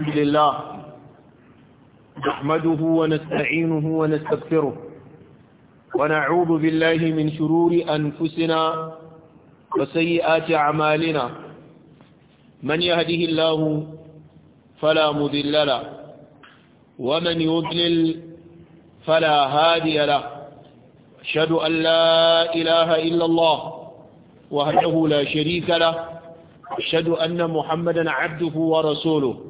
الحمد لله نحمده ونستعينه ونستغفره ونعوذ بالله من شرور أنفسنا وسيئات أعمالنا من يهده الله فلا مذل له ومن يضلل فلا هادي له أشهد أن لا إله إلا الله وهده لا شريك له أشهد أن محمدا عبده ورسوله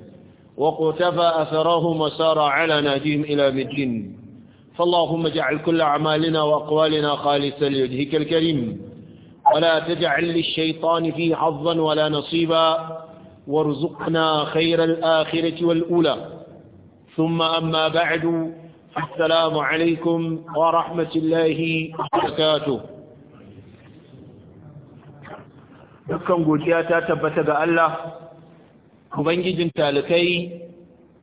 وقتفى أثرهم وسار على ناديهم إلى مدين فاللهم اجعل كل أعمالنا وأقوالنا خالصا لوجهك الكريم ولا تجعل للشيطان فيه حظا ولا نصيبا وارزقنا خير الآخرة والأولى ثم أما بعد السلام عليكم ورحمة الله وبركاته dukkan godiya ta tabbata ga Allah ubangijin talakai,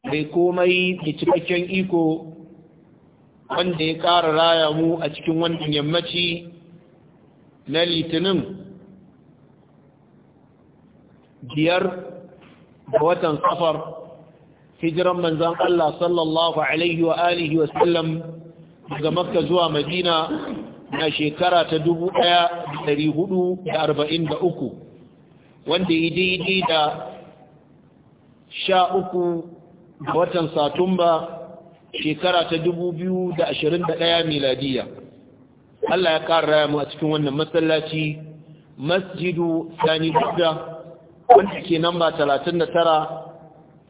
mai komai da cikakken iko wanda ya ƙara raya mu a cikin wannan yammaci na litinin biyar da watan safar hijiran manzan Allah sallallahu alaihi wa alihi wa sallam daga makka zuwa madina na shekara ta dubu ɗaya da hudu da arba'in da uku, wanda yi daidai da sha uku ga watan satumba shekara ta dubu biyu da ashirin da ɗaya miladiya Allah ya ƙara raya mu a cikin wannan masallaci masjidu sani dubda wanda ke namba talatin da tara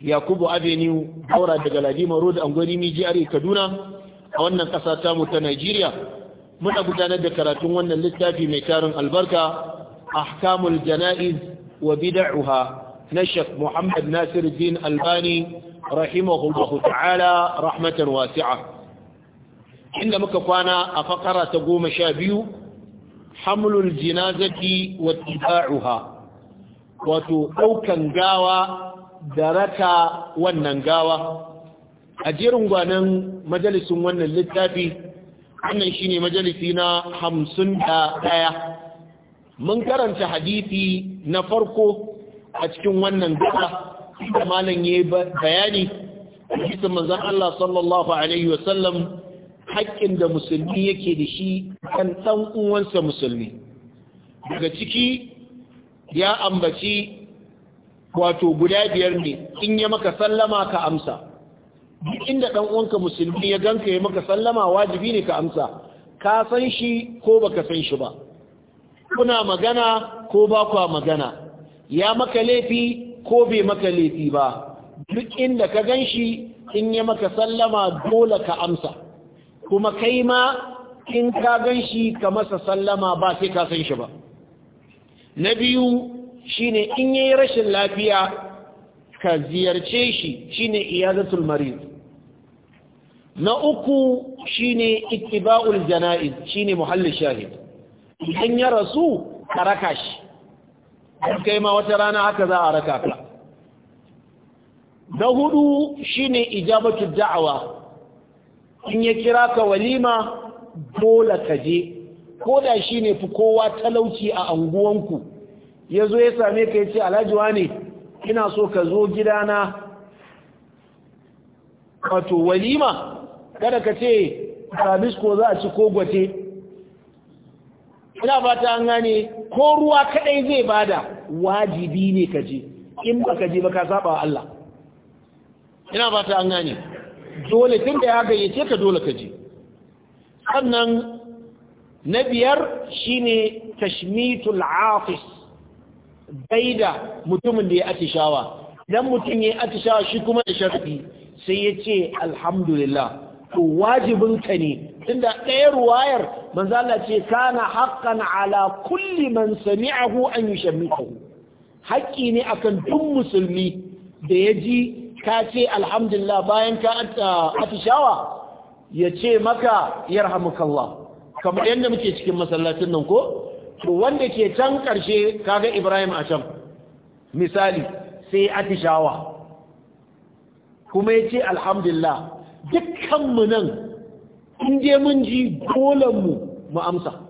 yakubu avenue haura daga ladima road angwani miji kaduna a wannan ƙasa tamu ta Najeriya muna gudanar da karatun wannan littafi mai tarin albarka ahkamul jana'iz wa bida'uha na Sheikh Muhammad Nasiruddin Albani rahimahullahu ta'ala rahmatan wasi'a inda muka kwana a fakara ta goma sha biyu hamlul jinazati wa tiba'uha wato ɗaukan gawa da raka wannan gawa a jerin gwanan majalisun wannan littafi wannan shine majalisi na hamsin da ɗaya mun karanta hadithi na farko a cikin wannan gaba da malam yi bayani hadisin manzon Allah sallallahu alaihi wasallam haƙƙin da musulmi yake da shi kan ɗan uwansa musulmi daga ciki ya ambaci wato guda biyar ne in ya maka sallama ka amsa inda ɗan uwanka musulmi ya ganka ya maka sallama wajibi ne ka amsa ka san shi ko ba ka san shi ba kuna magana ko ba kwa magana ya maka laifi ko bai maka laifi ba duk inda ka gan shi in ya maka sallama dole ka amsa kuma kai ma in ka ganshi ka masa sallama ba sai ka san shi ba na biyu shine in yayi rashin lafiya ka ziyarce shi shine iyadatul marid na uku shine ittiba'ul janaiz shine muhallin shahid idan ya rasu ka raka shi don kai ma wata rana haka za a raka ka na hudu shine ijabatu da'awa in ya kira ka walima dole ka je ko da shine fi kowa talauci a anguwanku ya zo ya same ka yi ce alhaji wane ina so ka zo gidana Kato walima kada ka ce rabis ko za a ci ko ina fata an gane ko ruwa kadai zai bada wajibi ne ka je in ka je ka saba wa Allah ina fata an gane dole tun da ya gayyace ka dole ka je sannan na biyar shine tashmitul afis baida mutumin da ya shawa. dan mutum ya shawa shi kuma da sharfi sai ya ce alhamdulillah to ka ne tunda ɗaya ruwayar manzo ce kana haqqan ala kulli man sami'ahu an yushammihu haƙƙi ne akan duk musulmi da ya ji ka ce alhamdulillah bayan ka uh, atishawa ya ce maka yarhamukallah kamar yadda muke cikin masallacin nan ko to wanda ke can ƙarshe kaga Ibrahim a can misali sai atishawa kuma ya ce alhamdulillah dukkanmu nan in je mun ji mu mu amsa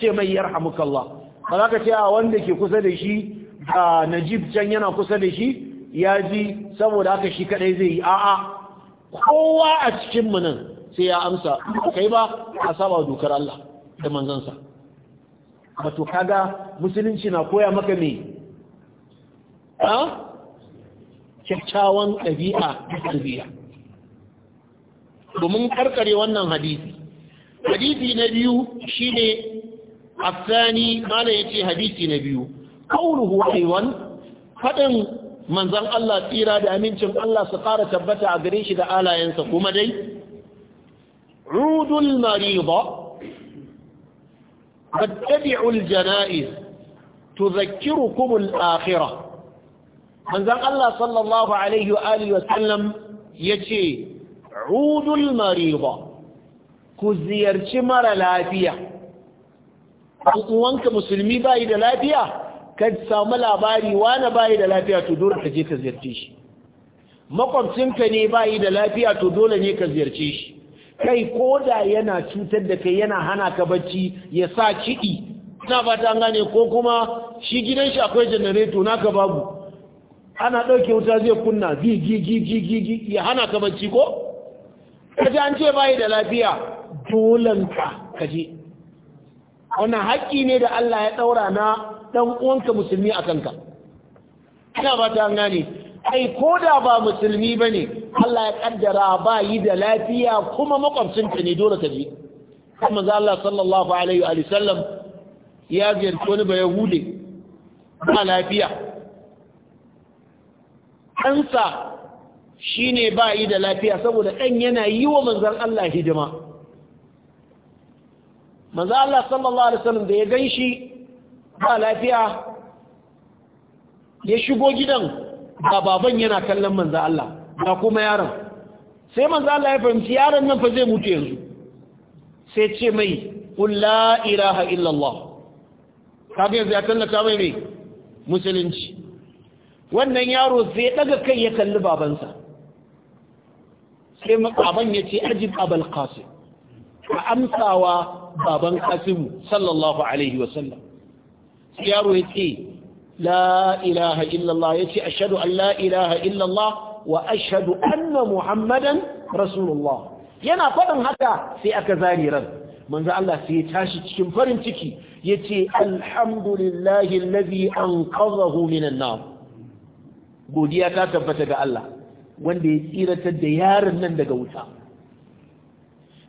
ce mai yarhamukallah ba za ka ce a wanda ke kusa da shi a najib can yana kusa da shi ya ji saboda aka shi kadai zai yi a'a kowa a cikin mu nan sai ya amsa kai ba a saba dokar Allah da manzansa wato kaga musulunci na koya maka me a kyakkyawan ɗabi'a da tarbiyya domin karkare wannan hadisi hadisi na biyu shine afsani mala yace hadisi na biyu qawluhu aywan fadin manzon Allah tsira da amincin Allah su kara tabbata a gare shi da alayensa kuma dai udul marida fattabi'u aljana'iz tudhakkirukum al manzon Allah sallallahu alaihi wa alihi wa sallam yace udul marida ku ziyarci mara lafiya uwanka musulmi bayi da lafiya ka samu labari wani bayi da lafiya to dole ka je ka ziyarce shi makwabcinka ne bayi da lafiya to dole ne ka ziyarce shi kai koda yana cutar da kai yana hana ka bacci ya sa kiɗi ina fata gane ko kuma shi gidan shi akwai janareto naka babu ana ɗauke wuta zai kunna gigi gigi gigi ya hana ka bacci ko kaji an ce bayi da lafiya dolanka ka je wannan haƙƙi ne da Allah ya ɗaura na ɗan uwanka musulmi a kanka ina ba ta gane ai ko da ba musulmi ba ne Allah ya ƙaddara ba yi da lafiya kuma makwabcinka ne dole ka je kuma za Allah sallallahu alaihi wa sallam ya ziyarci wani ba yahude ba lafiya ɗansa shi ne ba yi da lafiya saboda ɗan yana yi wa manzan Allah hidima manzo Allah sallallahu alaihi wasallam da ya ganshi ba lafiya ya shigo gidan ba baban yana kallon manzo Allah ba kuma yaron sai manzo Allah ya fahimci yaron nan fa zai mutu yanzu sai ce mai qul la ilaha illa Allah kabe zai ya tallata mai ne musulunci wannan yaro sai daga kai ya kalli babansa sai baban ya ce ajib abul qasim ka amsawa baban kasimu sallallahu alaihi wasallam yaro ya ce la ilaha illallah ya ce ashadu an la ilaha illallah wa ashadu anna muhammadan rasulullah yana faɗin haka sai aka zari ran manzo Allah sai ya tashi cikin farin ciki ya ce alhamdulillahi allazi anqadhahu minan nar godiya ta tabbata ga Allah wanda ya tsiratar da yaron nan daga wuta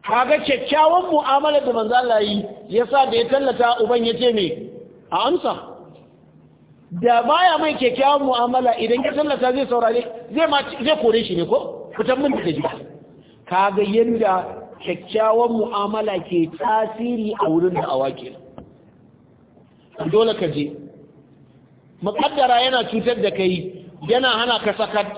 kaga kyakkyawan mu'amala da manzo Allah yi yasa da ya tallata uban yace me a amsa da baya mai kyakkyawan mu'amala idan ya tallata zai saurare zai ma zai kore shi ne ko fitan mun da jiki kaga yanda kyakkyawan mu'amala ke tasiri a wurin da awake dole ka je muqaddara yana cutar da kai yana hana ka sakat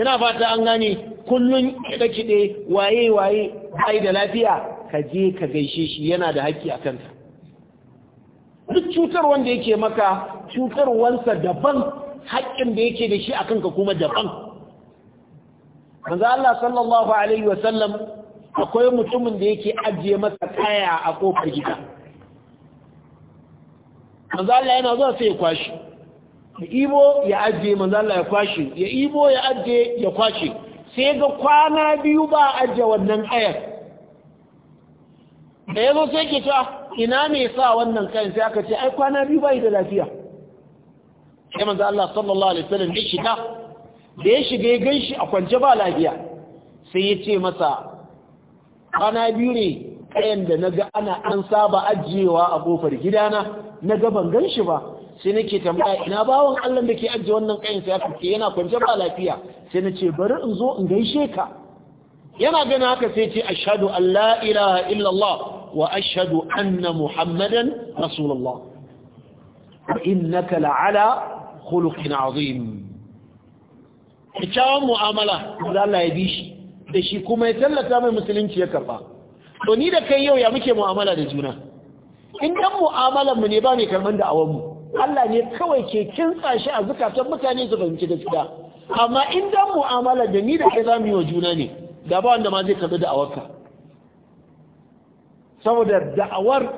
ina fata an gane kullun kide kide waye waye ai da lafiya ka je ka gaishe shi yana da haƙƙi a kanta duk cutar wanda yake maka cutarwansa daban haƙƙin da yake da shi a kanka kuma daban manzo Allah sallallahu alaihi sallam akwai mutumin da yake ajiye masa kaya a kofar gida manzo Allah yana zuwa sai ya kwashi ya ibo ya ajiye manzo Allah ya kwashi ya ibo ya ajiye ya kwashi sai ga kwana biyu ba a ajiye wannan ayar da ya zo sai ke cewa ina ne sa wannan kayan sai aka ce ai kwana biyu ba da lafiya sai manzo Allah sallallahu alaihi wasallam ya shiga da ya shiga ya ganshi a kwance ba lafiya sai ya ce masa kwana biyu ne kayan da na ga ana an saba ajiyewa a kofar gidana na naga ban ganshi ba sai nake tambaya ina bawon Allah da ke ajiye wannan kayan sai aka ce yana kwance ba lafiya sai na ce bari in zo in gaishe ka yana gani haka sai ce ashhadu an la ilaha Allah wa ashhadu anna muhammadan rasulullah wa innaka la'ala khuluqin azim kyakkyawan mu'amala da Allah ya bi shi da shi kuma ya tallata mai musulunci ya karba to ni da kai yau ya muke mu'amala da juna in dan mu'amalar mu ne ba ne karban da awan mu Allah ne kawai ke kintsa shi a zukatan mutane su fahimci gaskiya amma in dan mu'amala da ni da kai zamu yi wa juna ne da ba wanda ma zai da da'awarka saboda da'awar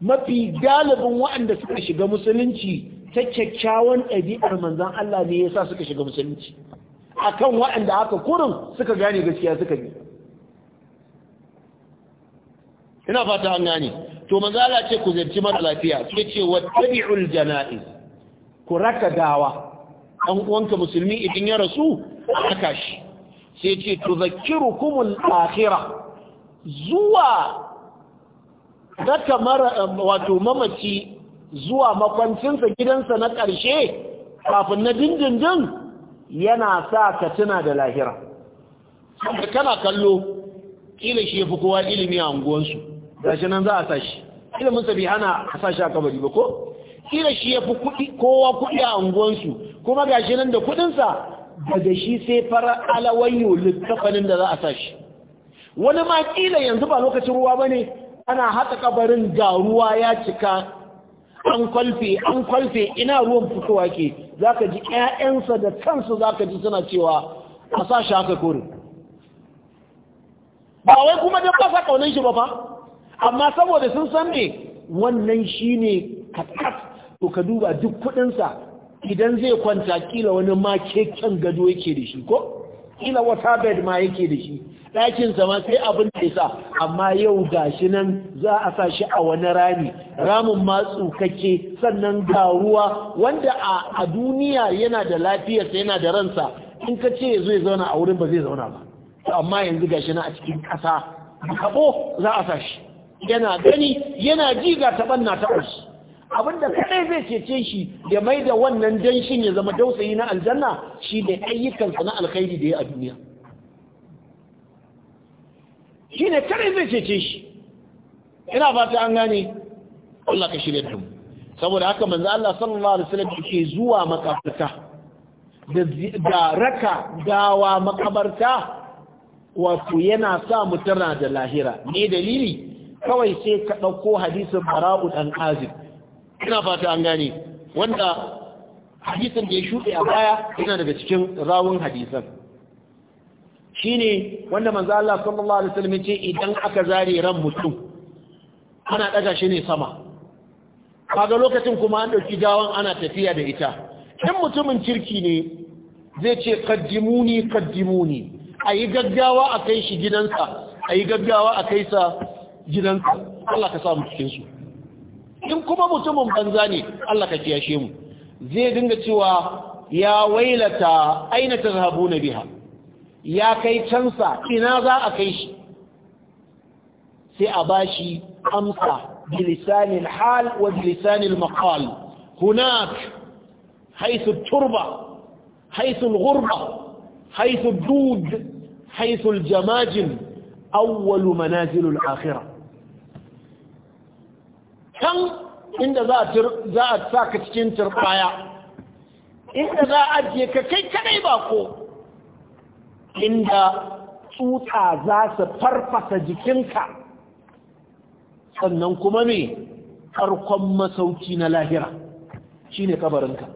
mafi galibin waɗanda suka shiga musulunci ta kyakkyawan ɗabi'ar manzan Allah ne yasa suka shiga musulunci akan waɗanda haka kurin suka gane gaskiya suka bi ina fata an gane to manzo Allah ce ku ziyarci mara lafiya sai ce tabi'ul janaiz ku raka dawa. An uwanka musulmi idan ya rasu aka shi sai ce tudhakkirukumul akhirah zuwa raka mara wato mamaci zuwa makwancinsa gidansa na ƙarshe kafin na dindindin yana sa ka tuna da lahira kana kallo kila shi fi kowa ilimi a unguwansu gashi nan za a sashi ilimin sa ana a sashi a kabari ba ko kila shi ya fi kuɗi kowa kuɗi a unguwansu kuma gashi nan da kuɗinsa daga shi sai fara alawayo littafanin da za a sashi wani ma kila yanzu ba lokacin ruwa ba ne ana haɗa kabarin ga ruwa ya cika an kwalfe an kwalfe ina ruwan fitowa ke za ka ji ƴaƴansa da kansu za ka ji suna cewa a sashi haka kore ba wai kuma don ba sa shi ba fa amma saboda sun san me wannan shine kakas to ka duba duk kudinsa idan zai kwanta kila wani makeken gado yake da shi ko kila wata bed ma yake da shi ɗakinsa ma sai abin da sa amma yau ga shi nan za a sa shi a wani rami ramin ma tsukake sannan ga ruwa wanda a duniya yana da lafiyarsa yana da ransa in ka ce ya zauna a wurin ba zai zauna ba amma yanzu ga shi nan a cikin ƙasa haɓo za a sa shi yana gani yana ji ga taɓanna ta ushi abinda kadai zai cece shi ya mai da wannan danshin ya zama dausayi na aljanna shi ne ayyukansa na alkhairi da ya a duniya shi ne kadai zai cece shi ina fata an gane Allah ka shirya da saboda haka manzo Allah sallallahu alaihi wasallam yake zuwa makabarta da raka dawa makabarta wato yana sa mutuna da lahira ne dalili kawai sai ka ɗauko hadisin bara'u ɗan azib ina fata an gane wanda hadisun da ya shuɗe a baya yana daga cikin rawun hadisan ne wanda manzo Allah sallallahu alaihi wasallam ce idan aka zare ran mutum ana ɗaga shi ne sama kaga lokacin kuma an ɗauki gawan ana tafiya da ita in mutumin kirki ne zai ce kaddimuni A ayi gaggawa a kai shi gidansa ayi gaggawa a kai sa gidanka Allah ka samu cikin su in kuma mutumin banza ne Allah ka kiyashe mu zai dinga cewa ya wailata aina na biha ya kai cansa ina za a kai shi sai a bashi amsa bilisanil hal wa bilisanil maqal hunak haythu turba haythu alghurba haythu dud haythu aljamajin awwal manazil alakhirah kan inda za a sa ka cikin turbaya inda za a ajiye ka kai kadai ba ko inda tsuta za su farfasa jikinka sannan kuma ne ƙarkon masauki na lahira shi ne kabarinka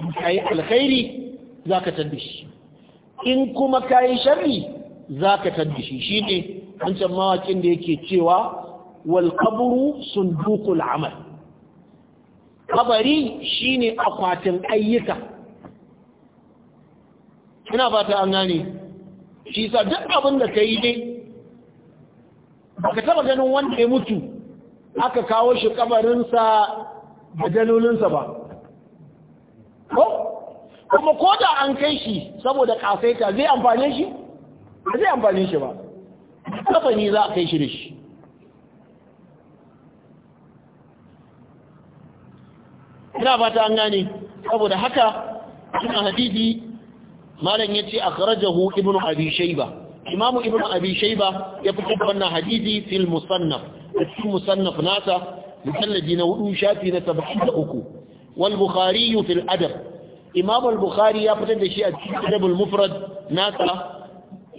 in ka yi alkhairi za ka shi. in kuma ka yi zaka za ka shi shi ne wancan mawakin da yake cewa wal qabru sunduqul kabari shine akwatin ayyuka ina fata an gane shi duk abin da kai dai baka taɓa ganin wanda ya mutu aka kawo shi kabarinsa da dalolinsa ba ko ko da an kai shi saboda kasaita zai amfane shi zai shi ba kafani za a kai shi da shi ina fata an gane saboda haka cikin hadisi malam yace akhrajahu ibnu abi shayba imamu ibnu abi shayba ya fitar wannan hadisi fil musannaf cikin musannaf nasa mutallaji na hudu shafi na 73 wal bukhari fil adab imam al bukhari ya fitar da shi a cikin adab al mufrad nasa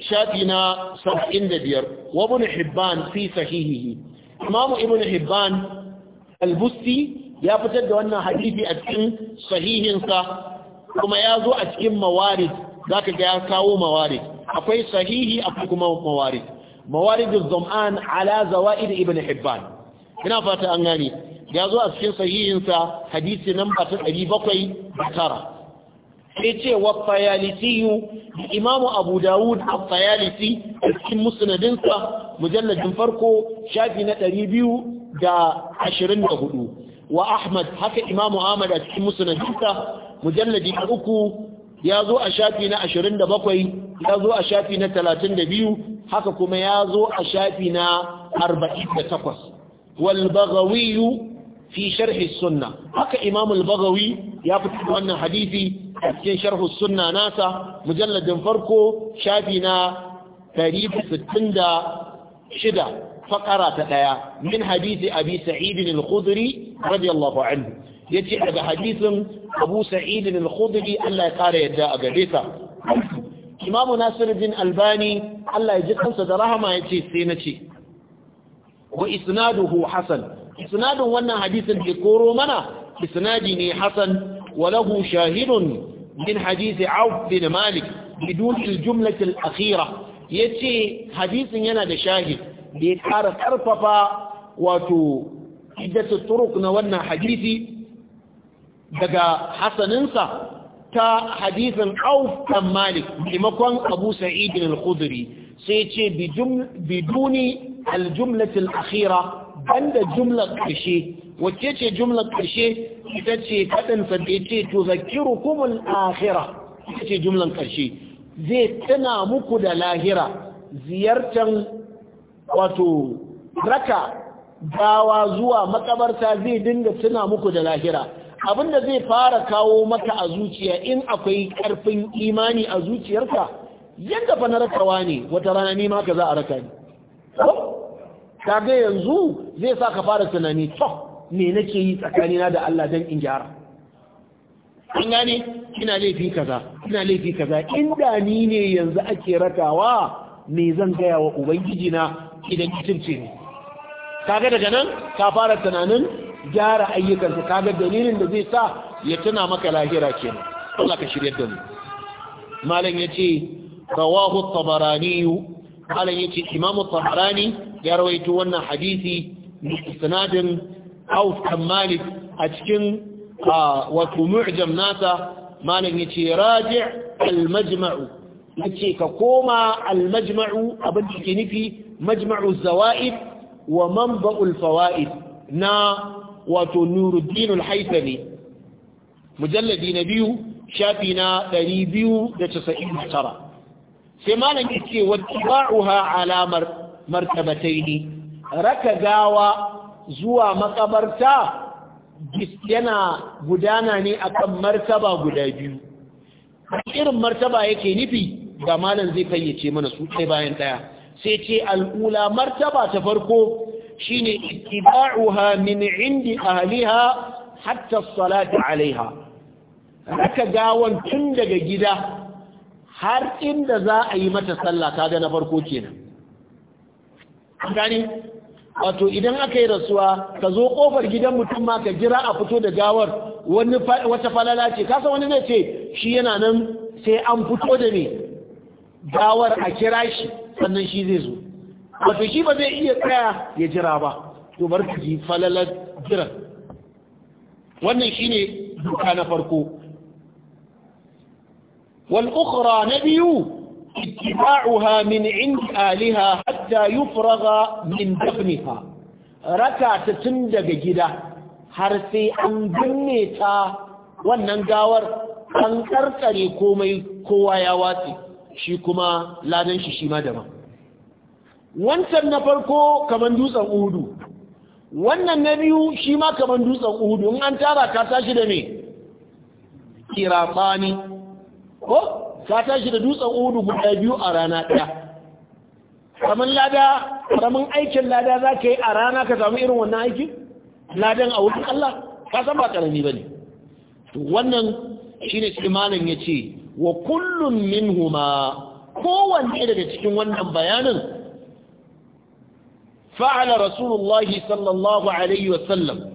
shafi na 75 wa ibn hibban fi sahihihi imam ibn hibban al-busti ya fitar da wannan hadisi a cikin sahihinsa kuma ya zo a cikin mawarid za ka ga ya kawo mawarid akwai sahihi a kuma mawarid mawarid zam'an ala zawa'id ibn hibban ina fata an gane ya zo a cikin sahihinsa hadisi namba ta tara. sai ce wa fayalisiyu imamu abu dawud a fayalisi a cikin musnadinsa mujalladin farko shafi na ɗari biyu da da ashirin hudu. wa Ahmad haka Imam Ahmad a cikin musnadinsa mujalladi na uku ya zo a shafi na 27 ya zo a shafi na 32 haka kuma ya zo a shafi na 48 wal Baghawi fi sharh sunna haka Imam al-Baghawi ya fito wannan hadisi a cikin sharh sunna nasa mujalladin farko shafi na 166 fakara ta daya min hadisi abi sa'id al-khudri radiyallahu yace daga hadisin abu sa'id al-khudri Allah ya kare yadda a gare ka Albani Allah ya ji kansa da rahama yace sai na ce wa isnaduhu hasan isnadun wannan hadisin da koro mana isnadi ne hasan wa lahu shahidun min hadisi Auf Malik bidun al-jumla al-akhirah yace hadisin yana da shahid da ya ƙara ƙarfafa wato hiddata turuk na wannan hadisi daga hasaninsa ta hadisin auf malik maimakon abu sa'idin al-khudri sai ce biduni aljumlatin akhira banda jumlar ƙarshe wacce ce jumlar ƙarshe ita ce kaɗinsa da ya ce to zakiru kumul akhira ita ce jumlar ƙarshe zai tana muku da lahira ziyartar wato raka gawa zuwa makabarta zai dinga tuna muku da lahira abinda zai fara kawo maka a zuciya in akwai karfin imani a zuciyarka yadda fa na rakawa ne wata rana ne maka za a raka ni kaga yanzu zai sa ka fara tunani to me nake yi tsakanina da Allah dan in gyara an gane ina laifi kaza ina laifi kaza inda ni ne yanzu ake rakawa me zan gaya wa ubangiji na idan mutunci ne kaga daga nan ka fara tunanin gyara ayyukansa kaga dalilin da zai sa ya tuna maka lahira kenan Allah ka shirye da mu malam yace rawahu tabarani malam yace imam tabarani ya rawaito wannan hadisi bi isnadin Auf kan Malik a cikin wato mu'jam nasa malam yace raji' al-majma'u yace ka koma al-majma'u abin da ke nufi majma'u zawaid wa manba'ul fawaid na wato Nuruddin al-Haythami mujalladi na biyu shafi na 299 sai malam yace wattiba'uha martabatai martabataini raka gawa zuwa makabarta yana gudana ne akan martaba guda biyu irin martaba yake nufi ga malam zai fayyace mana su ɗaya bayan ɗaya sai ce al'ula martaba ta farko shine ittiba'uha min indi ahliha hatta salatu alaiha raka gawan tun daga gida har inda za a yi mata sallah kaga na farko kenan gani wato idan aka yi rasuwa ka zo kofar gidan mutum ma ka jira a fito da gawar wani wata falala ce kasa wani zai ce shi yana nan sai an fito da ne gawar a kira shi sannan shi zai zo wato shi ba zai iya tsaya ya jira ba to bar ka ji falalar jiran wannan shine doka na farko wal ukhra na biyu ittiba'uha min indi aliha hatta yufraga min dafniha Rata ta tun daga gida har sai an binne ta wannan gawar an karkare komai kowa ya watsi shi kuma ladan shi shi ma daban wancan na farko kaman dutsen udu. wannan na biyu shi ma kaman dutsen udu. in an tara ka tashi da me kirafani ko ka tashi da dutsen udu guda biyu a rana ɗaya kaman lada kaman aikin lada za ka yi a rana ka samu irin wannan aikin ladan a wurin Allah ka san ba karami ba ne wannan shi ne malam ya ce wa kullum minhuma kowanne daga cikin wannan bayanin fa'ala rasulullahi sallallahu alaihi wasallam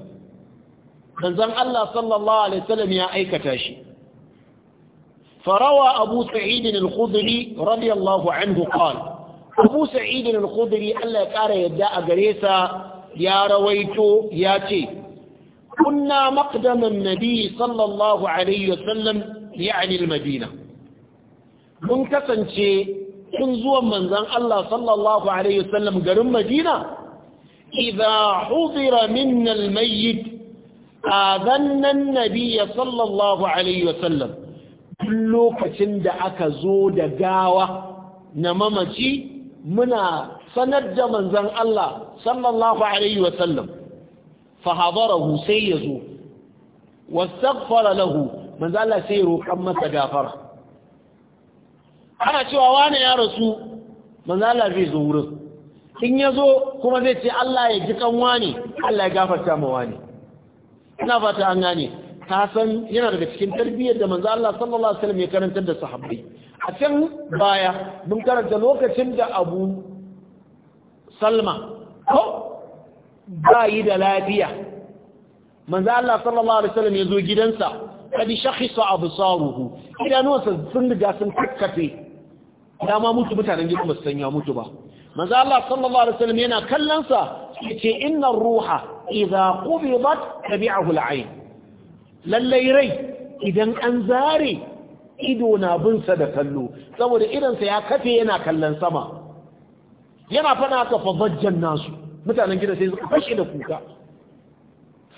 manzon Allah sallallahu alaihi wasallam ya aikata shi فروى أبو سعيد الخضري رضي الله عنه قال أبو سعيد الخضري ألا كار يبدأ ya يا رويت ياتي كنا مقدم النبي صلى الله عليه وسلم يعني المدينة من كسنشي حنزوا من ذن الله صلى الله عليه وسلم قرم مدينة إذا حضر منا الميت آذن النبي صلى الله عليه وسلم كل كتند أكزود قاوة نممتي منا سند من ذن الله صلى الله عليه وسلم فحضره سيزو واستغفر له manzo Allah sai roƙan masa gafara ana cewa wani ya rasu manzo Allah zai zo wurin in ya zo kuma zai ce Allah ya ji kan wani Allah ya gafarta ma wani ina fata an gane ka san yana daga cikin tarbiyyar da manzo Allah sallallahu alaihi wasallam ya karantar da sahabbai a can baya mun karanta lokacin da Abu Salma ko ba yi da lafiya manzo Allah sallallahu alaihi wasallam ya zo gidansa qad shakhisa absaruhu idanuwansa sun riga sun kakkafe dama mutu mutanen gidan basu san ya mutu ba manzo Allah sallallahu alaihi wasallam yana kallon sa yace inna ruha idza qubidat tabi'ahu al-ayn lallai rai idan an zare ido na bin sa da kallo saboda idan sa ya kafe yana kallon sama yana fada ka fa bajjan nasu mutanen gidan sai suka fashe da kuka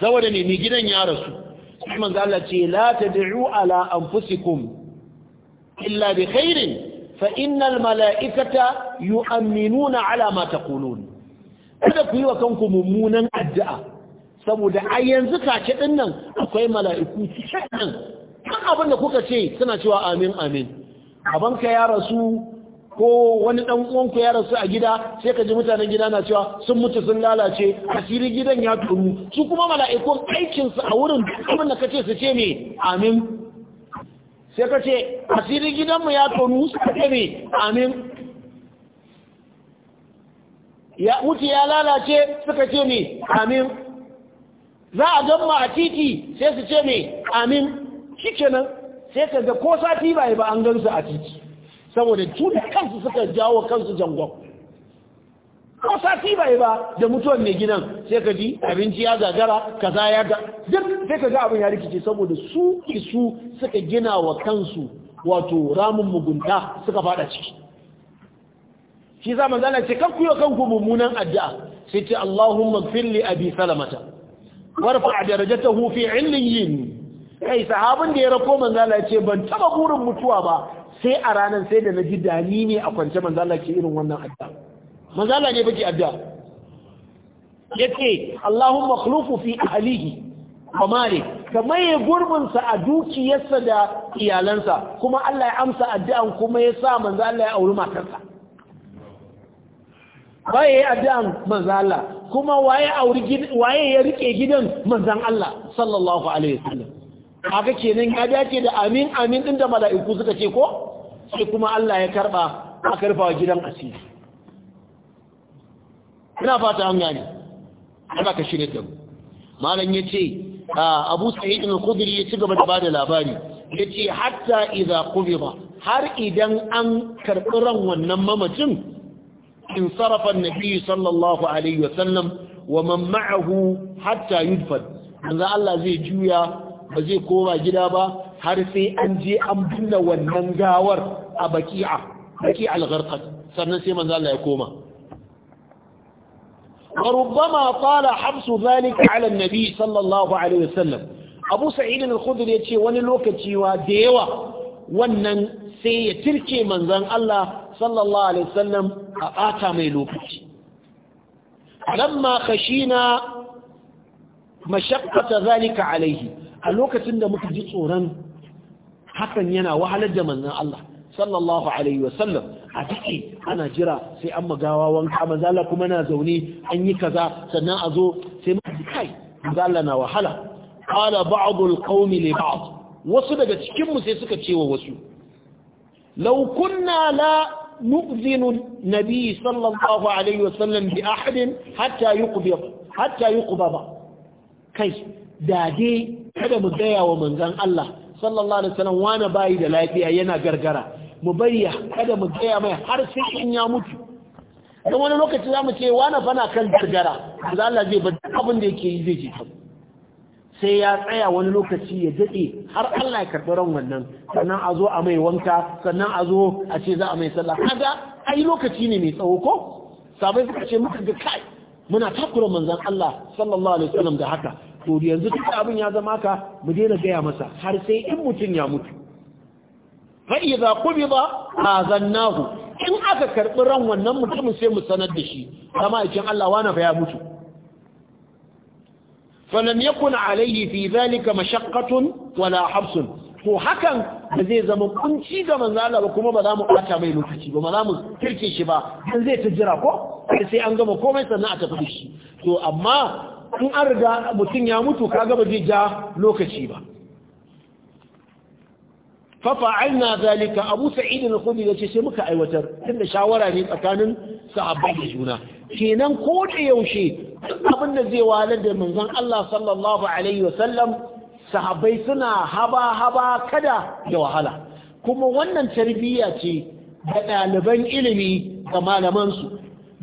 saboda ne mai gidan ya rasu sai Allah ce la tad'u ala anfusikum illa bi khairin fa innal mala'ikata yu'minuna ala ma taqulun kada ku yi wa kanku mummunan addu'a saboda a yanzu kace ɗinnan, akwai mala'iku cikin nan abin da kuka ce suna cewa amin amin abanka ya rasu ko wani dan uwanku ya rasu a gida sai ka ji mutanen gida na cewa sun mutu sun lalace asirin gidan ya turu su kuma mala'ikun aikinsu a wurin kuma na kace su ce me amin sai ka ce asirin gidanmu ya turu su ce me amin ya mutu ya lalace suka ce me amin za a mu a titi sai su ce me amin shikenan sai ka ga ko sati bai ba an gansu a titi saboda tun kansu suka jawo kansu jangon ko sati bai ba da mutuwan mai gidan sai ka ji abinci ya gagara kaza ya ga duk sai ka ga abin ya rikice saboda su isu suka gina wa kansu wato ramin mugunta suka fada ciki shi za manzana ce kan kuyo kanku mummunan addu'a sai ce Allahumma gfir li abi salamata warfa darajatahu fi illiyin kai sahabin da ya rako manzana ce ban taba burin mutuwa ba sai a ranar sai da na ji dani ne a kwance manzala ke irin wannan adda manzala ne baki adda ya ce allahun makhlufu fi ahalihi kamare ka maye gurbinsa a dukiyarsa da iyalansa kuma Allah ya amsa addu'an kuma ya sa manzala ya auri matarsa waye addu'an manzala kuma waye ya rike gidan manzan Allah sallallahu alaihi wasallam Haka kenan ya dace da amin amin din da mala'iku suka ce ko sai kuma Allah ya karba a karfawa gidan asiri ina fata an gane Allah ka shirye da mu malam yace Abu Sa'id al-Khudri ya ci gaba da bada labari yace hatta idza qubida har idan an karbi ran wannan mamacin in sarafa annabi sallallahu alaihi wa Sallam wa man ma'ahu hatta yudfad manzo Allah zai juya ba zai koma gida ba har sai an je an binne wannan gawar a baki'a baki'a al-gharqat sannan sai manzo Allah ya koma وربما طال حبس ذلك على النبي صلى الله عليه وسلم أبو سعيد الخدري يتشي wani lokaci wa da yawa wannan sai ya tirke manzon Allah sallallahu alaihi wasallam a bata mai lokaci lamma khashina mashaqqata zalika alaihi a lokacin da muka ji tsoron hakan yana wahalar da manzan Allah sallallahu alaihi wasallam a ciki ana jira sai an magawa wanka maza kuma na zaune an yi kaza sannan a zo sai muka ji kai manzala na wahala qala ba'd al-qawm li ba'd wasu daga cikin mu sai suka ce wa wasu law kunna la nu'zinu nabi sallallahu alaihi wasallam bi ahadin hatta yuqbi hatta yuqba kai da dai kada mu gaya wa manzan Allah sallallahu alaihi wasallam wani bayi da lafiya yana gargara mu bari kada mu gaya mai har sai in ya mutu don wani lokaci za mu ce wani fana kan gargara da Allah zai ba abin da yake yi zai ji sai ya tsaya wani lokaci ya daɗe har Allah ya karɓi ran wannan sannan a zo a mai wanka sannan a zo a ce za a mai sallah kaga ai lokaci ne mai tsawo ko sabai suka ce muka ga kai muna takura manzon Allah sallallahu alaihi wasallam da haka to yanzu duk abin ya zama ka mu daina gaya masa har sai in mutum ya mutu fa idza qubida azannahu in aka karɓi ran wannan mutumin sai mu sanar da shi kama ikin Allah wani fa ya mutu falam yakun alayhi fi zalika mashaqqatun wala habsun to hakan da zai zama kunci ga manzo Allah ba kuma ba za mu bata mai lokaci ba ba za mu kirke shi ba dan zai ta jira ko sai an gama komai sannan a tafi shi to amma in an riga mutum ya mutu kaga ba zai ja lokaci ba fafa'alna zalika abu sa'idin al-khudri ce sai muka aiwatar tunda shawara ne tsakanin sahabbai da juna kenan ko da yaushe abin da zai walar da manzon Allah sallallahu alaihi wasallam sahabbai suna haba haba kada da wahala kuma wannan tarbiyya ce da ɗaliban ilimi ga malaman su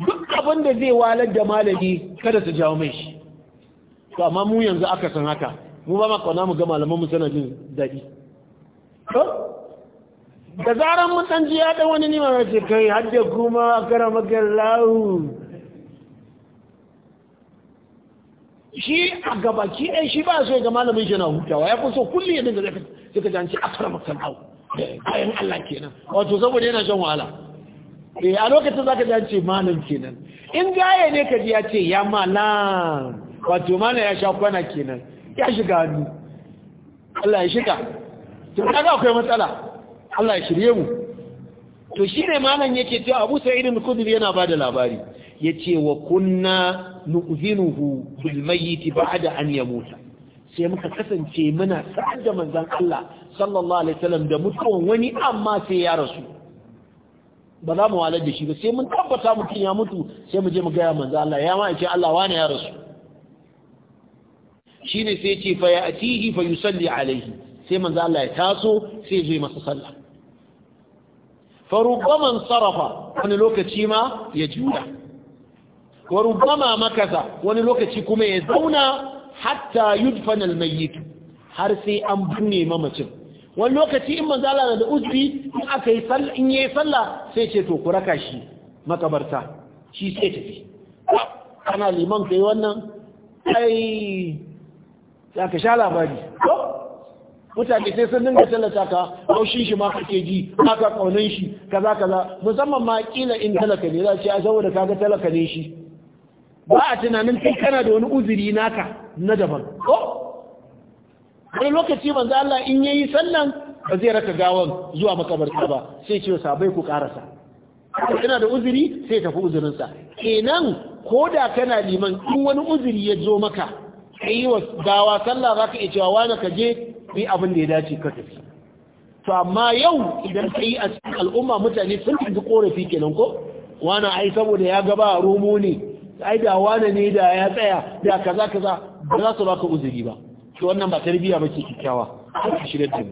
duk abin da zai walar da malami kada su jawo mai shi to amma mu yanzu aka san haka mu ba ma kauna mu ga malaman mu sana jin daɗi to da zaran mun san ji ya dan wani nima na ce kai da kuma akara magallahu shi a gabaki ɗaya shi ba so ga malamin shi na hutawa ya kusa kulle yadda da zaka zaka ji an ce akara magallahu bayan Allah kenan wato saboda yana shan wahala eh, a lokacin zaka ji malam kenan in gaya ne ka ji ya ce ya malam wato mana ya sha kwana kenan ya shiga hannu Allah ya shiga to kaga akwai matsala Allah ya shirye mu to shine malam yake cewa Abu Sa'id al-Khudri yana da labari yace wa kunna nu'zinuhu bil mayyit ba'da an yamuta sai muka kasance muna sa'ad da manzon Allah sallallahu alaihi wasallam da mutuwan wani amma sai ya rasu ba za mu walar da shi ba sai mun tabbata mutum ya mutu sai mu je mu gaya manzon Allah ya ma ce Allah wani ya rasu shine sai ce fa ya'tihi fa yusalli alaihi sai manzo Allah ya taso sai zai masa sallah fa rubbama sarafa wani lokaci ma ya juya wa rubbama makasa wani lokaci kuma ya zauna hatta yudfan almayyit har sai an binne mamacin wani lokaci in manzo Allah da uzbi in aka yi sallah in sallah sai ce to ku raka shi makabarta shi sai tafi kana liman kai wannan ai ya ka sha labari mutane sai sun dinga tallata ka haushin shi ma kake ji haka kaunan shi kaza kaza musamman ma kila in talaka ne za ce a saboda kaga talaka ne shi ba a tunanin kai kana da wani uzuri naka na daban ko wani lokaci manzo Allah in yayi sallan ba zai raka gawan zuwa makabarta ba sai ce bai ku karasa kana da uzuri sai tafi uzurinsa kenan ko da kana liman in wani uzuri ya zo maka ka yi wa gawa sallah za ka iya cewa na ka je ku yi abin da ya dace ka tafi to amma yau idan ka yi a cikin al'umma mutane sun fi korafi kenan ko wani ai saboda ya gaba romo ne ai da wani ne da ya tsaya da kaza kaza ba za su baka uzuri ba to wannan ba tarbiyya ba ke kyakkyawa ka shirya da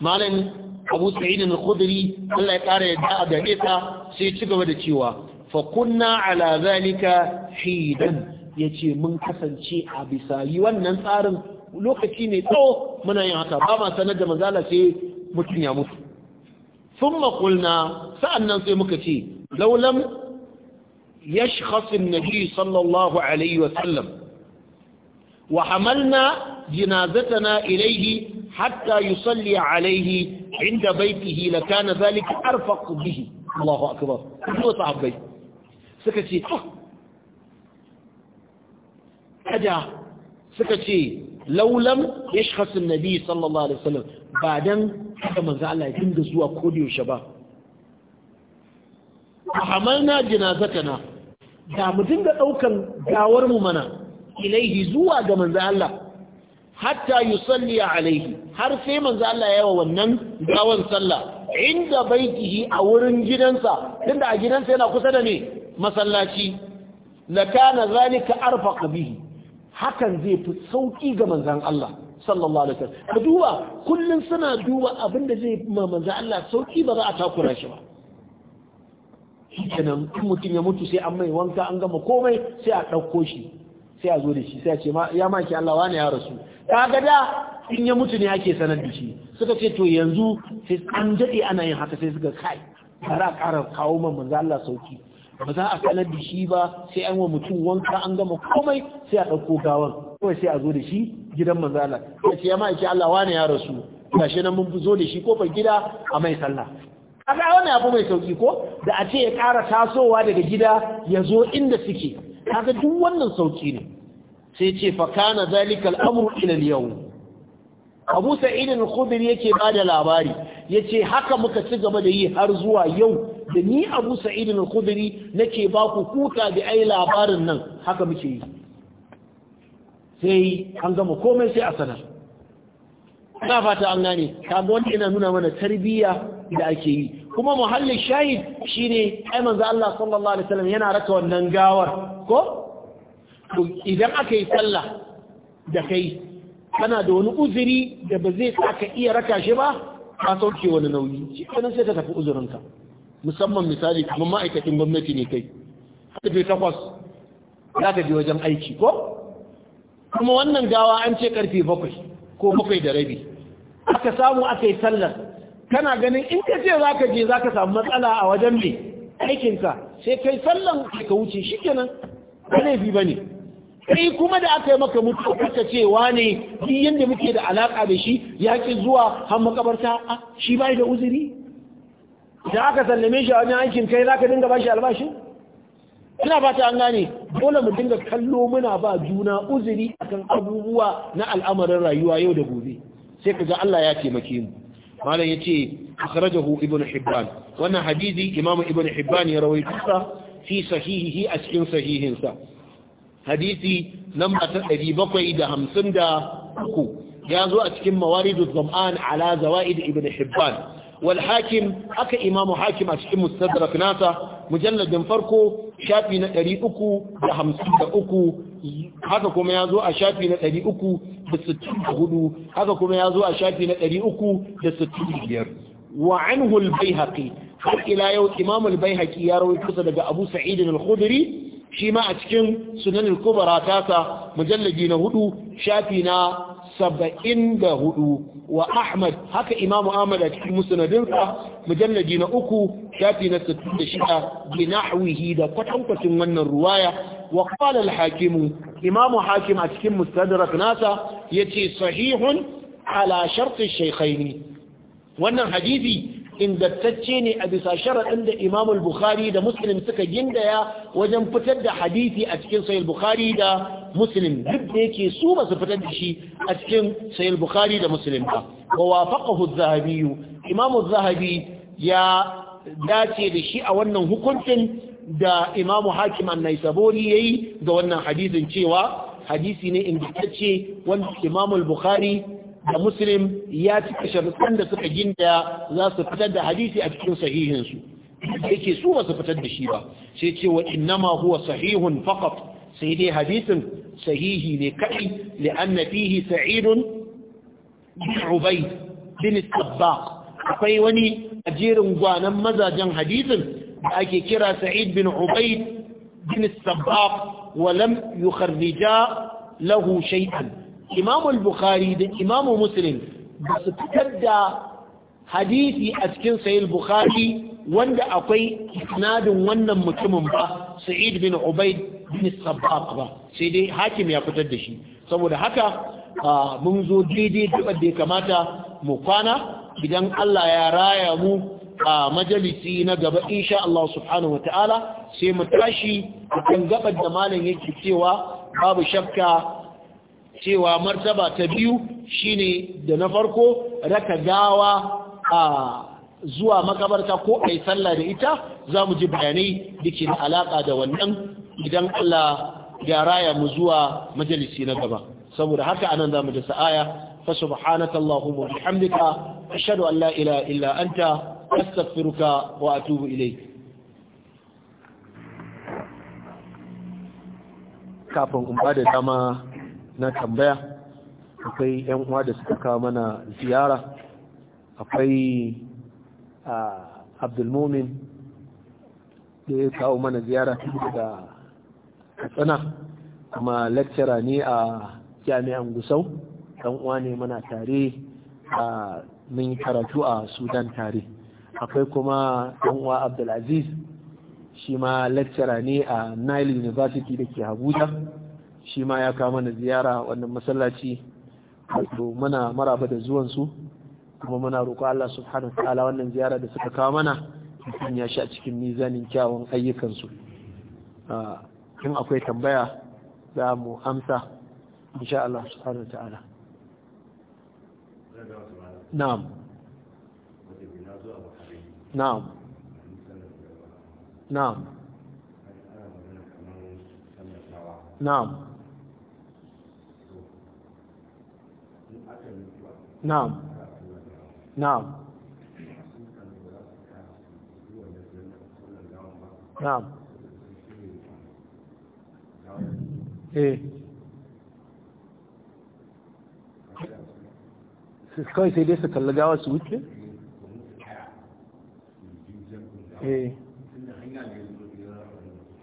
malam abu sa'id al-khudri Allah ya kara yadda a gare ta sai ci gaba da cewa fa kunna ala zalika hidan ya ce mun kasance a bisa yi wannan tsarin lokaci ne tsawo muna yin haka ba ma sanar da manzala sai mutum ya mutu sun makulna sa'an nan sai muka ce laulam ya shakhasin nabi sallallahu alaihi wasallam wa hamalna jinazatana ilaihi hatta yusalli alaihi inda baitihi la kana zalika arfaq bihi Allahu akbar sahabbai suka ce oh, kada suka ce laulam ya shakasun nabi sallallahu alaihi wasallam ba don kada manzo Allah ya zuwa ko da yaushe ba a hamalna jinazatana da mutum da daukan gawar mu mana ilaihi zuwa ga manzo Allah hatta a alaihi har sai manzo Allah yawa wannan gawan sallah inda baitihi a wurin gidansa tunda a gidansa yana kusa da ne masallaci la kana ka arfa bihi hakan zai fi sauki ga manzan Allah sallallahu alaihi wasallam ka duba kullun suna duba abinda zai ma manzan Allah sauki ba za a takura shi ba kenan in mutum ya mutu sai an mai wanka an gama komai sai a ɗauko shi sai a zo da shi sai a ce ya maki Allah wani ya rasu ya ga da in ya mutu ne ake sanar da shi suka ce to yanzu sai an daɗe ana yin haka sai suka kai bara ƙara kawo man manzan Allah sauki ba za a kalar da shi ba sai an wa mutum wanka an gama komai sai a ɗauko gawan kawai sai a zo da shi gidan manzala ya ce ya ma'aiki Allah wane ya rasu gashi nan mun zo da shi ko kofar gida a mai sallah kaga wani abu mai sauki ko da a ce ya ƙara tasowa daga gida ya zo inda suke kaga duk wannan sauki ne sai ce fa kana zalikal amru ila al-yawm Abu Sa'id al-Khudri yake bada labari yace haka muka ci gaba da yi har zuwa yau da ni abu sa'id al-khudri nake ba ku kuka da ai labarin nan haka muke yi sai an gama komai sai a sanar ta fata an gane kaga wanda yana nuna mana tarbiyya da ake yi kuma muhallin shahid shine ai manzo Allah sallallahu alaihi wasallam yana raka wannan gawar ko idan aka yi sallah da kai kana da wani uzuri da ba zai ka iya raka shi ba ka sauke wani nauyi shi kana sai ta tafi uzurinka musamman misali kamar ma'aikacin gwamnati ne kai karfe takwas za ka wajen aiki ko kuma wannan gawa an ce karfe bakwai ko bakwai da rabi aka samu aka yi sallar kana ganin in ka ce za ka je za ka samu matsala a wajen mai aikinka sai kai sallan ka wuce shi kenan ba laifi ba ne kai kuma da aka yi maka mutu aka ce wane duk yadda muke da alaƙa da shi ya ki zuwa har makabarta shi bai da uzuri idan aka sallame shi a wani aikin kai za ka dinga ba albashi ina fata an gane dole mu dinga kallo muna ba juna uzuri akan abubuwa na al'amarin rayuwa yau da gobe sai ka ga Allah ya taimake mu malam yace akhrajahu ibnu hibban wannan hadisi imamu ibnu hibban ya rawaita sa fi sahihihi a cikin sahihinsa hadisi namba da 753 ya zo a cikin mawaridu zam'an ala zawaid ibnu hibban Walhakim hakim aka imamu hakim a cikin mustadrak nasa mujalladin farko shafi na 353 haka kuma ya zo a shafi na 364 haka kuma ya zo a shafi na 365 wa anhu al-baihaqi har ila yau imam al-baihaqi ya rawaito daga abu sa'id al-khudri shi ma a cikin sunan al-kubra mujalladi na 4 shafi na saba'in da hudu wa Ahmad haka Imam Ahmad a cikin musnadinsa mujallaji na uku shafi na 66 bi nahwihi da kwatankwacin wannan ruwaya wa qala al-hakim Imam Hakim a cikin mustadrak nasa ce sahihun ala shart ash-shaykhayn wannan hadisi ingantacce ne a bisa sharaɗin da imam bukhari da muslim suka gindaya wajen fitar da hadisi a cikin sayil bukhari da muslim duk da yake su ba su fitar da shi a cikin sayil bukhari da muslim ba wa wafaqahu az-zahabi imam az-zahabi ya dace da shi a wannan hukuncin da imam hakim an-naisaburi yayi ga wannan hadisin cewa hadisi ne ingantacce wanda imam bukhari da muslim ya cika sharuɗan da suka ginda za su fitar da hadisi a cikin sahihinsu yake su ba su fitar da shi ba sai ce wa innama huwa sahihun faqat sai dai hadisin sahihi ne kai li'anna fihi sa'idun bin ubayd bin sabbaq akwai wani ajerin gwanan mazajen hadisin da ake kira sa'id bin ubayd bin sabbaq wa lam yukharrija lahu shay'an imamul bukhari da imamu muslim ba su fitar da hadisi a cikin sayil bukhari wanda akwai isnadin wannan mutumin ba sa'id bin ubaid bin sabbaq ba sai dai hakim ya fitar da shi saboda haka mun zo daidai gabar da ya kamata mu kwana idan Allah ya raya mu a majalisi na gaba insha Allah subhanahu ta'ala sai mu tashi kan gabar da malam yake cewa babu shakka cewa martaba ta biyu shine da na farko raka gawa a zuwa makabarta ko a yi sallah da ita za mu ji bayanai da ke alaƙa da wannan idan Allah ya mu zuwa majalisi na gaba saboda haka anan za mu da sa'aya fa subhanaka allahumma wa bihamdika ashhadu an la ilaha illa anta astaghfiruka wa atubu ilayk kafin in ba da dama na tambaya akwai 'yan uwa da suka kawo mana ziyara akwai abdulmumin da ya kawo mana ziyara daga katsina kuma lecturer ne a jami'an gusau dan uwa ne mana tare a min karatu a sudan tare akwai kuma 'yan uwa abdulaziz shi ma lecturer ne a nile university da ke abuja shi ma ya kawo mana ziyara wannan masallaci wato muna maraba da zuwansu kuma muna roƙo Allah subhanahu ta'ala wannan ziyara da suka kawo mana in ya shi a cikin mizanin kyawun ayyukansu in akwai tambaya za mu amsa insha Allah subhanahu ta'ala na'am na'am na'am na'am نعم نعم نعم ايه kawai sai dai su kalli gawa su wuce? Eh.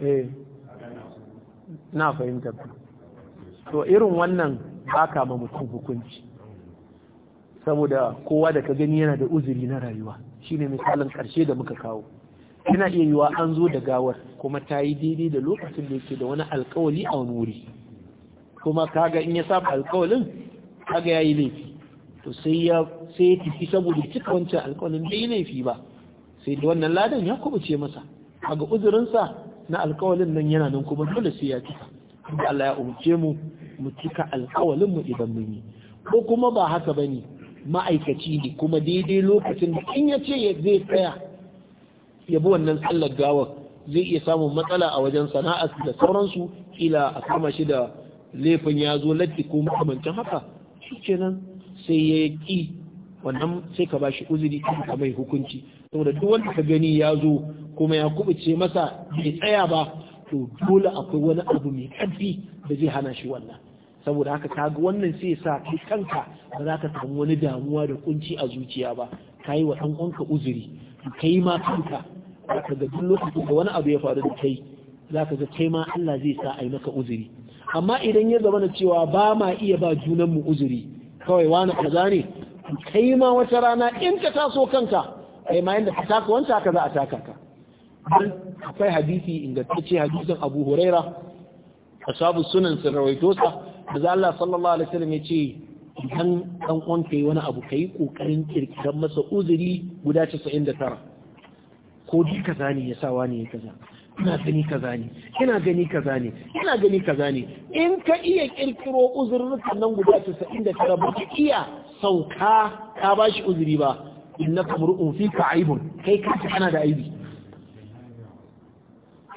Eh. na fahimta to irin wannan haka ma mutum hukunci saboda kowa da ka gani yana da uzuri na rayuwa shine misalin karshe da muka kawo yana iya yiwa an zo da gawar kuma ta yi daidai da lokacin da yake da wani alkawali a wani wuri kuma kaga in ya saba alkawalin kaga yi laifi to sai ya sai ya tafi saboda cika wancan alkawalin bai laifi ba sai da wannan ladan ya kubuce masa kaga uzurinsa na alkawalin nan yana nan kuma dole sai ya cika Allah ya umarce mu mu cika alkawalin mu idan mun yi ko kuma ba haka bane ma'aikaci ne kuma daidai lokacin da in ya ce zai tsaya ya bi wannan tsallar gawar zai iya samun matsala a wajen sana'ar da sauransu ila a kama shi da laifin ya zo latti ko makamancin haka shi nan sai ya ƙi wannan sai ka bashi uzuri kuma ka mai hukunci saboda duk wanda ka gani ya zo kuma ya kubuce masa bai tsaya ba to dole akwai wani abu mai karfi da zai hana shi wannan saboda haka kaga wannan sai sa kai kanka ba za ka samu wani damuwa da kunci a zuciya ba Ka yi wa ɗan uwanka uzuri yi ma kanka ka ga duk lokacin da wani abu ya faru da kai Za ka ga kai ma Allah zai sa a yi maka uzuri amma idan ya zama na cewa ba ma iya ba junan mu uzuri kawai wani kaza ne kai ma wata rana in ka taso kanka kai ma yanda ka taka wanta ka za a taka ka akwai hadisi ingantacce hadisin Abu Huraira ashabu sunan sun rawaito da Allah sallallahu alaihi wasallam ya ce idan dan uwan kai wani abu kai kokarin kirkiran masa uzuri guda 99 ko duka kaza ne ya sa wani ya kaza ina gani kaza ne ina gani kaza ne ina gani kaza ne in ka iya kirkiro uzurrukan nan guda 99 ba ka iya sauka ka bashi uzuri ba innaka mur'un fi ka'ibun kai ka kana da aibi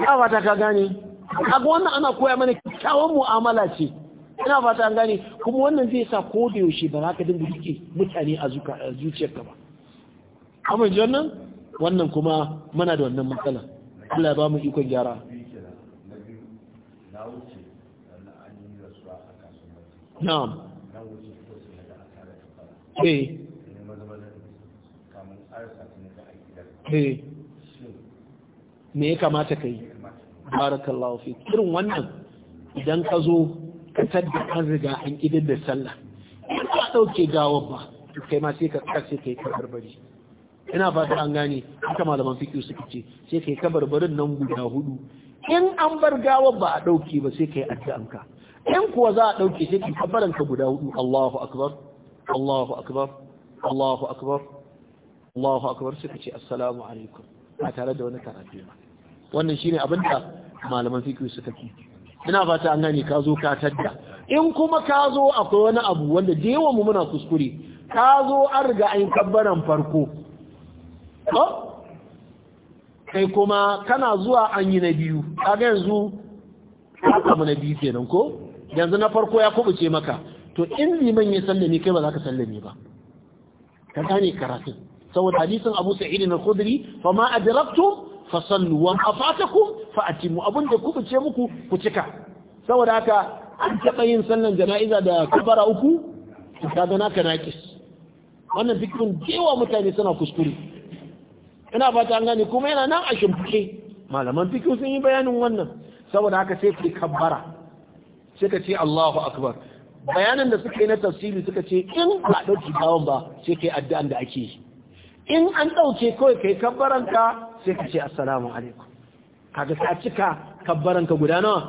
yawa wata ka gane kaga wannan ana koya mana kyakkyawan mu'amala ce ina fata an gane kuma wannan zai sa ko da yaushe ba za ka dinga rike mutane a zuciyarka ba amma ji wannan wannan kuma muna da wannan matsala Allah ba mu ikon gyara na'am eh eh me ya kamata ka yi barakallahu fi irin wannan idan ka zo ka da an riga an idan da sallah in ba ɗauke gawar ba kai ma sai ka kashe kai ka barbari ina fata an gane haka malaman fikiyu suka ce sai kai ka barbarin nan guda hudu in an bar gawar ba a ɗauke ba sai kai addu'an ka in kuwa za a ɗauke sai kai kabaran ka guda hudu Allahu akbar Allahu akbar Allahu akbar Allahu akbar suka ce assalamu alaikum ba tare da wani karatu ba wannan shine abinda malaman fikiyu suka ce ina fata an gane ka zo ka tadda in kuma ka zo akwai wani abu wanda da yawan mu muna kuskure ka zo an riga an kabbaran farko kai kuma kana zuwa an yi na biyu kaga yanzu samu na biyu kenan ko yanzu na farko ya kubuce maka to in liman ya sallame kai ba za ka sallame ba ka gane karatun saboda hadisin Abu Sa'id al-Khudri fa ma adraktum fa sallu wa afatakum fa'atimu abun da kuka ce muku ku cika saboda haka an taɓa yin sallan jana'iza da kubara uku ka ga naka naƙis wannan fikirin jewa mutane suna kuskure ina fata an gane kuma yana nan a shimfike malaman fikiru sun yi bayanin wannan saboda haka sai ku kabbara sai ka ce Allahu akbar bayanan da suka yi na tafsiri suka ce in ba ɗauki gawan ba sai kai addu'an da ake yi in an ɗauke kawai kai kabbaranka sai ka ce assalamu alaikum kaga ka cika kabbaranka guda nawa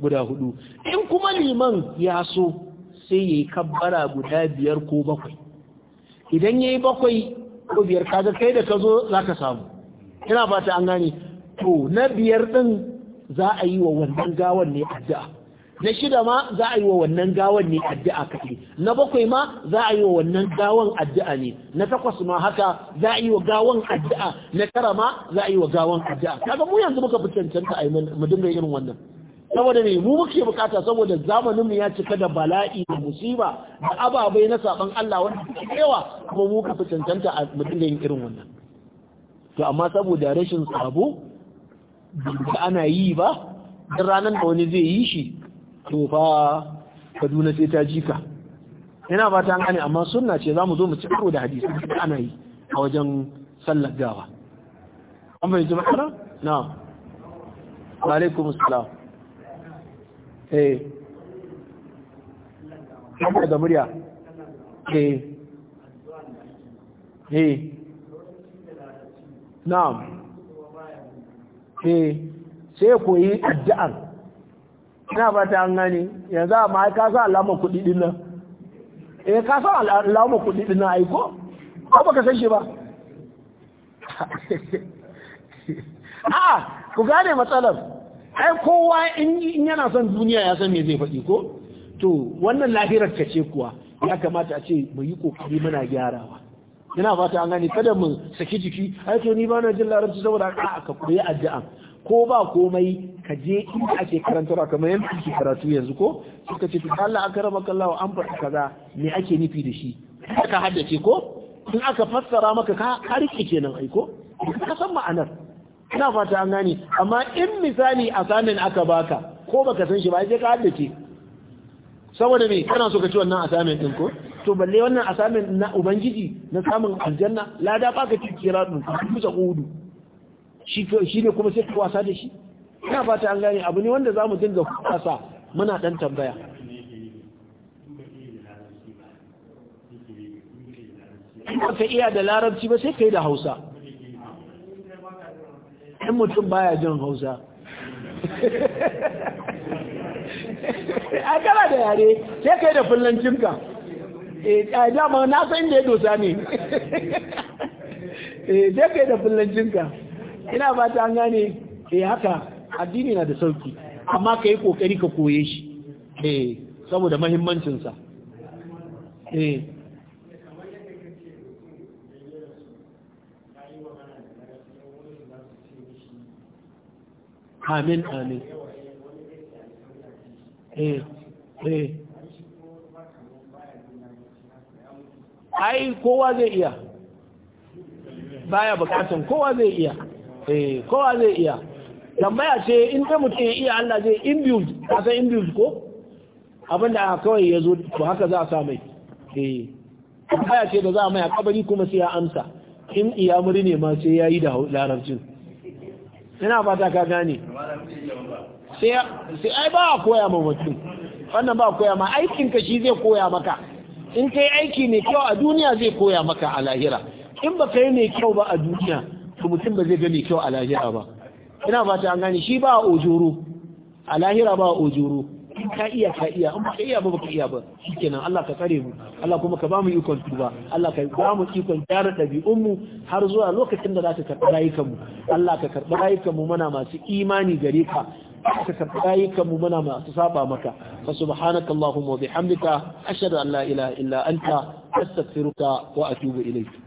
guda hudu in kuma liman ya so sai yayi kabbara guda biyar ko bakwai idan yayi bakwai ko biyar kaga kai da kazo zaka samu ina fata an gane to na biyar din za a yi wa wannan gawan ne addu'a na shida ma za a yi wa wannan gawan ne addu'a kaɗai na bakwai ma za a yi wa wannan gawan addu'a ne na takwas ma haka za a yi wa gawan addu'a na tara ma za a yi wa gawan addu'a kaga mu yanzu muka fi cancanta a yi mu dinga irin wannan saboda ne mu muke bukata saboda zamanin mu ya cika da bala'i da musiba da ababai na saban Allah wanda suke yawa kuma mu ka fi cancanta a mu dinga yin irin wannan to amma saboda rashin sabo da ana yi ba duk ranar da wani zai yi shi Tofa kaduna sai ta jika ina ba ta gane amma suna ce za mu zo mu ci karo da hadisun da ana yi a wajen sallar gawa an bai ji makara? na alaikum salam eh kuma da murya eh eh na eh sai koyi addu'ar ina ba ta gani yanzu a ai kasa alamun kudi kuɗi din nan eh ka san alamar din nan ko ko baka san shi ba a ah, ku gane matsalar ai kowa in yana son duniya ya san me zai faɗi ko to wannan lahirar ka ce kuwa ya kamata a ce mu yi kokari muna gyarawa ina fata an gani kada mu saki jiki ai to ni ba na jin larabci saboda a ka koyi addu'a ko ba komai ka je in ake karantarwa kamar yanzu ake karatu yanzu ko suka ce tuka Allah aka rama kallawa an kaza me ake nufi da shi ka haddace ko in aka fassara maka ka rike kenan aiko ka san ma'anar ina fata an gane amma in misali a assignment aka baka ko baka san shi ba sai ka haddace saboda me kana so ka ci wannan asamin din ko to balle wannan asamin na ubangiji na samun aljanna lada ba ka ci kira dun ku ta kudu shi ne kuma sai ka wasa da shi ina fata an gane abu ne wanda za mu dinga kwasa muna dan tambaya in ba ka iya da larabci ba sai ka yi da hausa in mutum baya jin hausa a kana da yare sai ka yi da fulancinka eh, a dama na san da ya dosa ne eh, sai ka yi da fulancinka ina ba ta an gane E haka addini na da sauki amma ka yi kokari ka koye shi eh saboda mahimmancinsa eh amin amin eh eh ai kowa zai iya baya bukatan kowa zai iya Eh, kowa zai iya tambaya ce in kai mutum ya iya Allah zai imbued a san imbued ko abinda a kawai ya zo to haka za a sa mai eh tambaya ce da za a mai a kabari kuma sai ya amsa in iyamuri ne ma sai ya yi da larabcin ina fata ka gane sai ai ba a koya ma mutum wannan ba a koya ma aikin ka shi zai koya maka in kai aiki mai kyau a duniya zai koya maka a lahira in ba kai mai kyau ba a duniya to mutum ba zai ga mai kyau a lahira ba ina ba ta gane shi ba ojoro a lahira ba ojoro in ka iya ka iya in ba ka iya ba ka iya ba shikenan Allah ka tsare mu Allah kuma ka ba mu ikon tuba Allah ka ba mu ikon gyara ɗabi'un mu har zuwa lokacin da za ka karɓi rayukan mu Allah ka karɓi rayukan mu muna masu imani gare ka ka karɓi rayukan mu muna masu saba maka fa subhanakallahumma wa bihamdika ashhadu an la ilaha illa anta astaghfiruka wa atubu ilayk